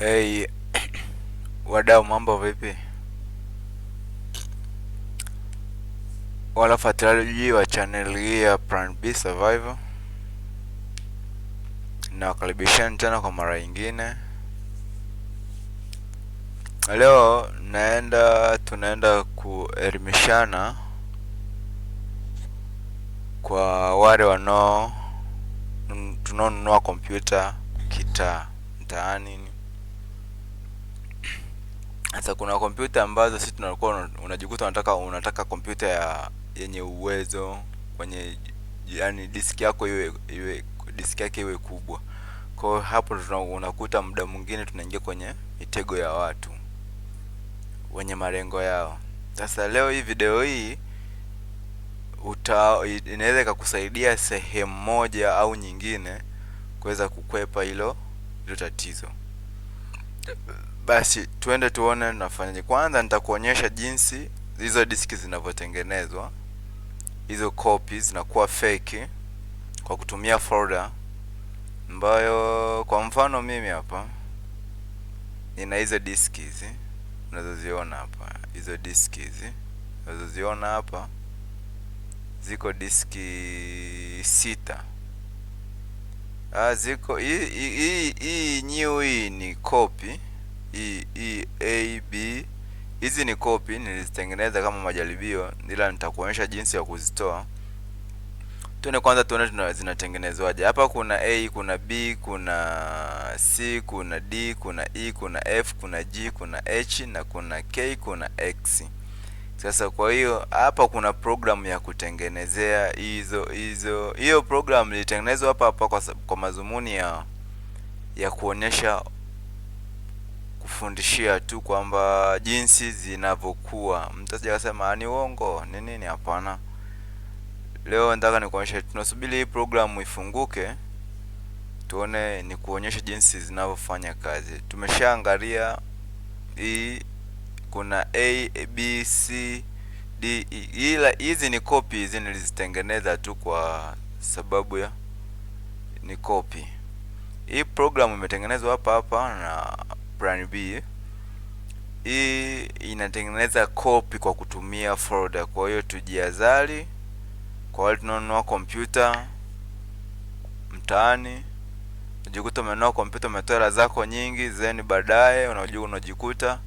Hey, wadau mambo vipi? Wanafuatiliaji wa channel hii ya Plan B Survival, na wakaribisheni tena kwa mara nyingine. Leo naenda tunaenda kuelimishana kwa wale wanao tunaonunua kompyuta kita mtaani sasa kuna kompyuta ambazo sisi tunakuwa unajikuta unataka unataka kompyuta ya yenye uwezo kwenye yani diski yako iwe, iwe diski yake iwe kubwa. Kwa hiyo hapo unakuta muda mwingine tunaingia kwenye mitego ya watu wenye malengo yao. Sasa leo hii video hii uta inaweza ikakusaidia sehemu moja au nyingine kuweza kukwepa hilo hilo tatizo. Basi tuende tuone nafanyaje. Kwanza nitakuonyesha jinsi hizo diski zinavyotengenezwa, hizo copy zinakuwa fake kwa kutumia folder ambayo, kwa mfano mimi hapa nina hizo diski hizi unazoziona hapa, hizo diski hizi unazoziona hapa ziko diski sita. Ah, ziko hii hii new hii ni copy E, E, A, B. Hizi ni copy nilizitengeneza kama majaribio, ila nitakuonyesha jinsi ya kuzitoa. Tuone kwanza tuone zinatengenezwaje. Hapa kuna A, kuna B, kuna C, kuna D, kuna E, kuna F, kuna G, kuna H na kuna K, kuna X. Sasa kwa hiyo hapa kuna programu ya kutengenezea hizo hizo. Hiyo programu ilitengenezwa hapa hapa kwa, kwa mazumuni ya ya kuonyesha kufundishia tu kwamba jinsi zinavyokuwa. Mtu asije akasema ah, ni uongo ni nini. Hapana, leo nataka nikuonyeshe. Tunasubiri hii programu ifunguke, tuone ni kuonyesha jinsi zinavyofanya kazi. Tumeshaangalia hii, kuna a b c d e, ila hizi ni copy, hizi nilizitengeneza tu kwa sababu ya ni copy. Hii programu imetengenezwa hapa hapa na plan B. Hii inatengeneza copy kwa kutumia folder. Kwa hiyo tujiazali kwa wale tunaonunua kompyuta mtaani, unajikuta umenunua kompyuta, umetoa hela zako nyingi, then baadaye unajua unajikuta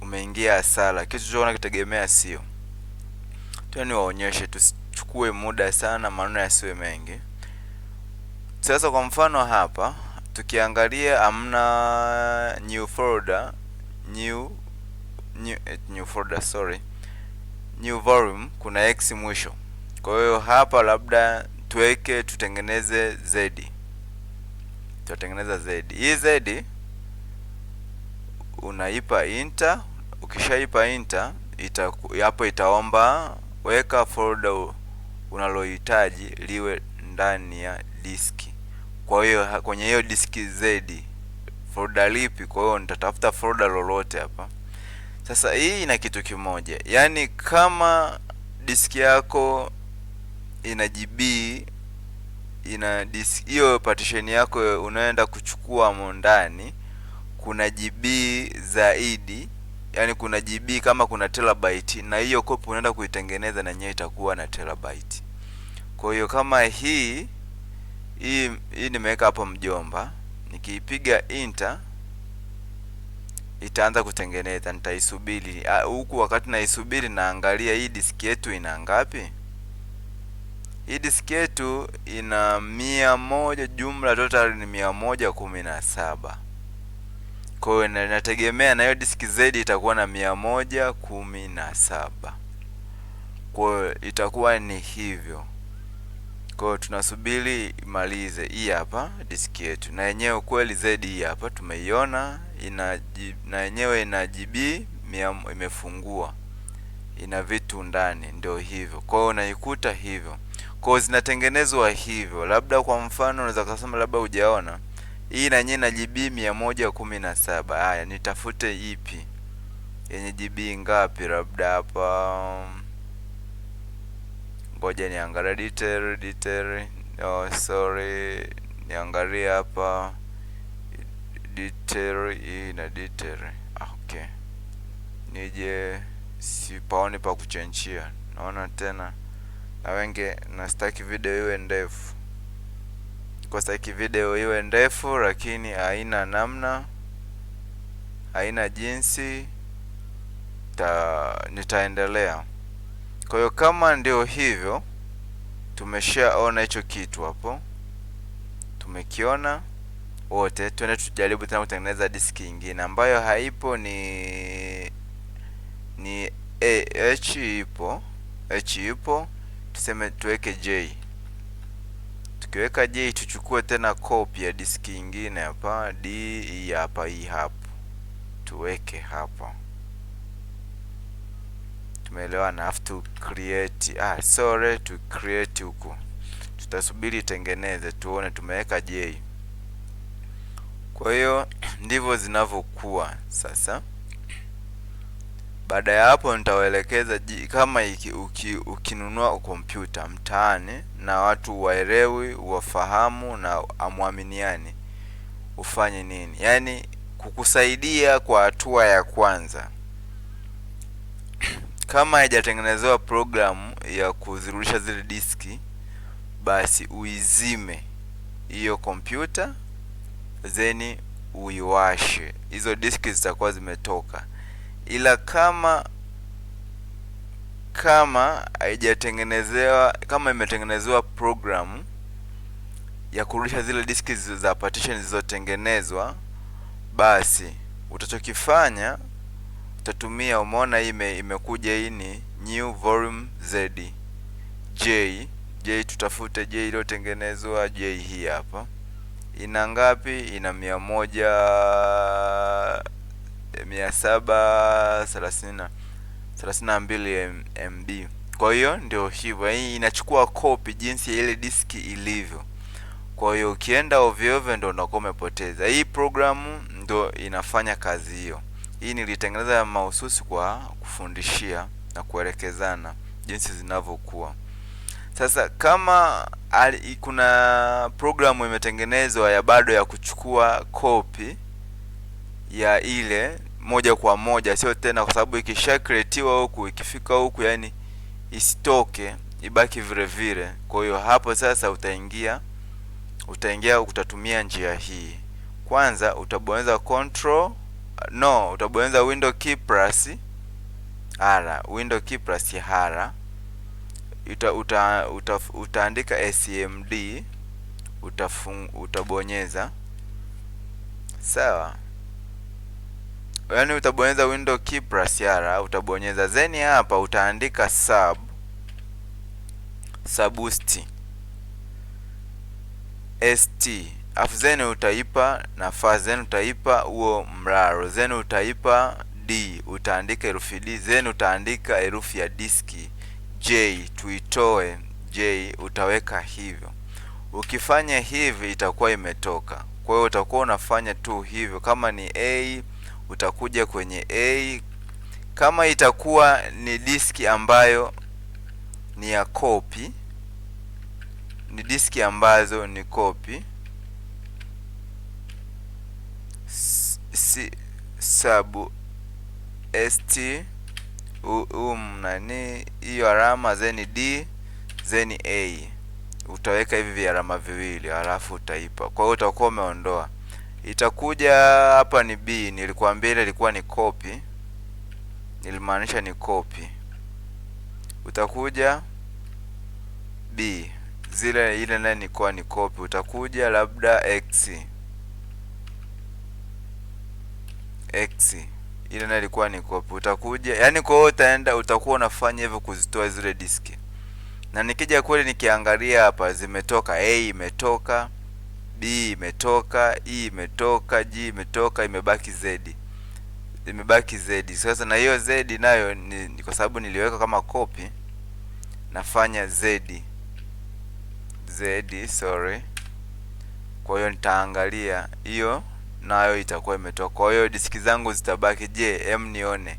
umeingia hasara, kitu cho kitegemea sio. Tena niwaonyeshe, tusichukue muda sana, maneno yasiwe mengi. Sasa kwa mfano hapa tukiangalia amna new folder new new, eh, new folder sorry new volume, kuna x mwisho. Kwa hiyo hapa labda tuweke tutengeneze z, tutatengeneza z. Hii z unaipa enter, ukishaipa enter ita hapo itaomba weka folder unalohitaji liwe ndani ya diski. Kwa hiyo kwenye hiyo diski Z folder lipi? Kwa hiyo nitatafuta folder lolote hapa. Sasa hii ina kitu kimoja, yaani kama diski yako ina GB ina disk hiyo partition yako unaenda kuchukua mo ndani, kuna GB zaidi, yani kuna GB kama kuna terabyte, na hiyo kopi unaenda kuitengeneza na yenyewe itakuwa na terabyte. Kwa hiyo kama hii hii hii nimeweka hapo mjomba, nikiipiga enter itaanza kutengeneza. Nitaisubiri huku, wakati naisubiri naangalia hii diski yetu ina ngapi. Hii diski yetu ina mia moja, jumla total ni mia moja kumi na saba. Kwa hiyo nategemea na hiyo diski zedi itakuwa na mia moja kumi na saba, kwa hiyo itakuwa ni hivyo. Kwa tunasubiri imalize hii hapa diski yetu, na yenyewe ukweli zaidi hii hapa tumeiona, na yenyewe ina GB imefungua, ina vitu ndani, ndio hivyo. Kwa hiyo unaikuta hivyo, kwa hiyo zinatengenezwa hivyo. Labda kwa mfano unaweza kusema labda hujaona hii, na yenyewe ina GB mia moja kumi na saba. Haya, nitafute ipi yenye GB ngapi? Labda hapa ngoja niangalia detail detail. Oh, sorry, niangalie hapa detail hii na detail. Ah, okay, nije sipaoni pa kuchenjia, naona tena na wenge, nastaki video iwe ndefu kwa staki video iwe ndefu, lakini haina namna, haina jinsi ta, nitaendelea kwa hiyo kama ndio hivyo, tumeshaona hicho kitu hapo, tumekiona wote. Twende tujaribu tena kutengeneza diski nyingine ambayo haipo, ni ni h ipo, h ipo, tuseme tuweke j. Tukiweka j, tuchukue tena copy ya diski nyingine hapa, d hii hapa, hii hapo, tuweke hapa tumeelewana have to create ah, sorry to create huku tutasubiri itengeneze tuone, tumeweka j. Kwa hiyo ndivyo zinavyokuwa sasa. Baada ya hapo, nitawaelekeza kama iki, uki, ukinunua kompyuta mtaani na watu waelewi wafahamu na amwaminiani ufanye nini, yaani kukusaidia kwa hatua ya kwanza kama haijatengenezewa programu ya kuzirudisha zile diski, basi uizime hiyo kompyuta zeni uiwashe, hizo diski zitakuwa zimetoka. Ila kama kama haijatengenezewa kama imetengenezewa programu ya kurudisha zile diski za partition zilizotengenezwa, basi utachokifanya tatumia umeona ime, imekuja hii ni new volume z j j, tutafute j iliyotengenezwa j hii hapa ina ngapi? Ina mia moja mia saba thelathini na mbili MB. Kwa hiyo ndio hivyo, hii inachukua kopi jinsi ya ile diski ilivyo. Kwa hiyo ukienda ovyo ovyo, ndio unakuwa umepoteza. Hii programu ndio inafanya kazi hiyo. Hii nilitengeneza mahususi kwa kufundishia na kuelekezana jinsi zinavyokuwa. Sasa kama ali, kuna programu imetengenezwa ya bado ya kuchukua kopi ya ile moja kwa moja, sio tena, kwa sababu ikishakretiwa huku ikifika huku, yani isitoke ibaki vile vile. Kwa hiyo hapo sasa utaingia utaingia utatumia njia hii. Kwanza utabonyeza control no utabonyeza window key plus r window key plus r uta, uta, uta, utaandika SMD e utafung, utabonyeza sawa yaani utabonyeza window key plus r utabonyeza zeni hapa utaandika sub subusti st afu zenu utaipa nafasi, zenu utaipa huo mraro zenu utaipa D, utaandika herufi D, zenu utaandika herufi ya diski J, tuitoe J, utaweka hivyo. Ukifanya hivi itakuwa imetoka. Kwa hiyo utakuwa unafanya tu hivyo. Kama ni A utakuja kwenye A. Kama itakuwa ni diski ambayo ni ya kopi, ni diski ambazo ni kopi sub st um nani hiyo alama zeni d zeni a utaweka hivi vialama viwili halafu utaipa. Kwa hiyo utakuwa umeondoa, itakuja hapa ni b. Nilikwambia ile ilikuwa ni copy, nilimaanisha ni copy. Utakuja b zile ile naye nikuwa ni copy, utakuja labda x x ile nayo ilikuwa ni copy. Utakuja yani, kwa hiyo utaenda utakuwa unafanya hivyo kuzitoa zile diski, na nikija kweli nikiangalia hapa zimetoka, a imetoka, b imetoka, e imetoka, g imetoka, imebaki z, imebaki z. Sasa na hiyo z nayo ni, ni kwa sababu niliweka kama copy, nafanya z z, sorry. Kwa hiyo nitaangalia hiyo nayo na itakuwa imetoka. Kwa hiyo diski zangu zitabaki. Je, em nione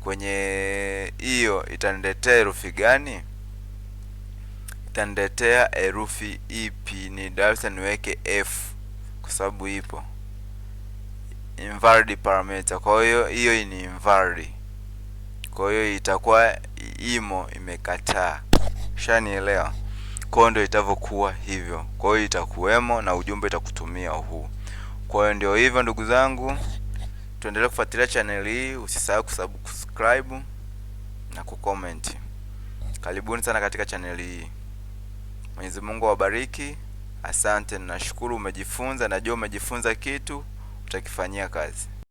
kwenye hiyo itaniletea herufi gani? Itaniletea herufi ipi? E ni darasa niweke f kwa sababu ipo invalid parameter. Kwa hiyo hiyo ni invalid, kwa hiyo itakuwa imo imekataa. Shanielewa? Kwa hiyo ndio itavyokuwa hivyo. Kwa hiyo itakuwemo na ujumbe itakutumia huu kwa hiyo ndio hivyo ndugu zangu, tuendelee kufuatilia channel hii, usisahau kusubscribe na kucomment. Karibuni sana katika channel hii. Mwenyezi Mungu awabariki. Asante, nashukuru umejifunza, najua umejifunza kitu utakifanyia kazi.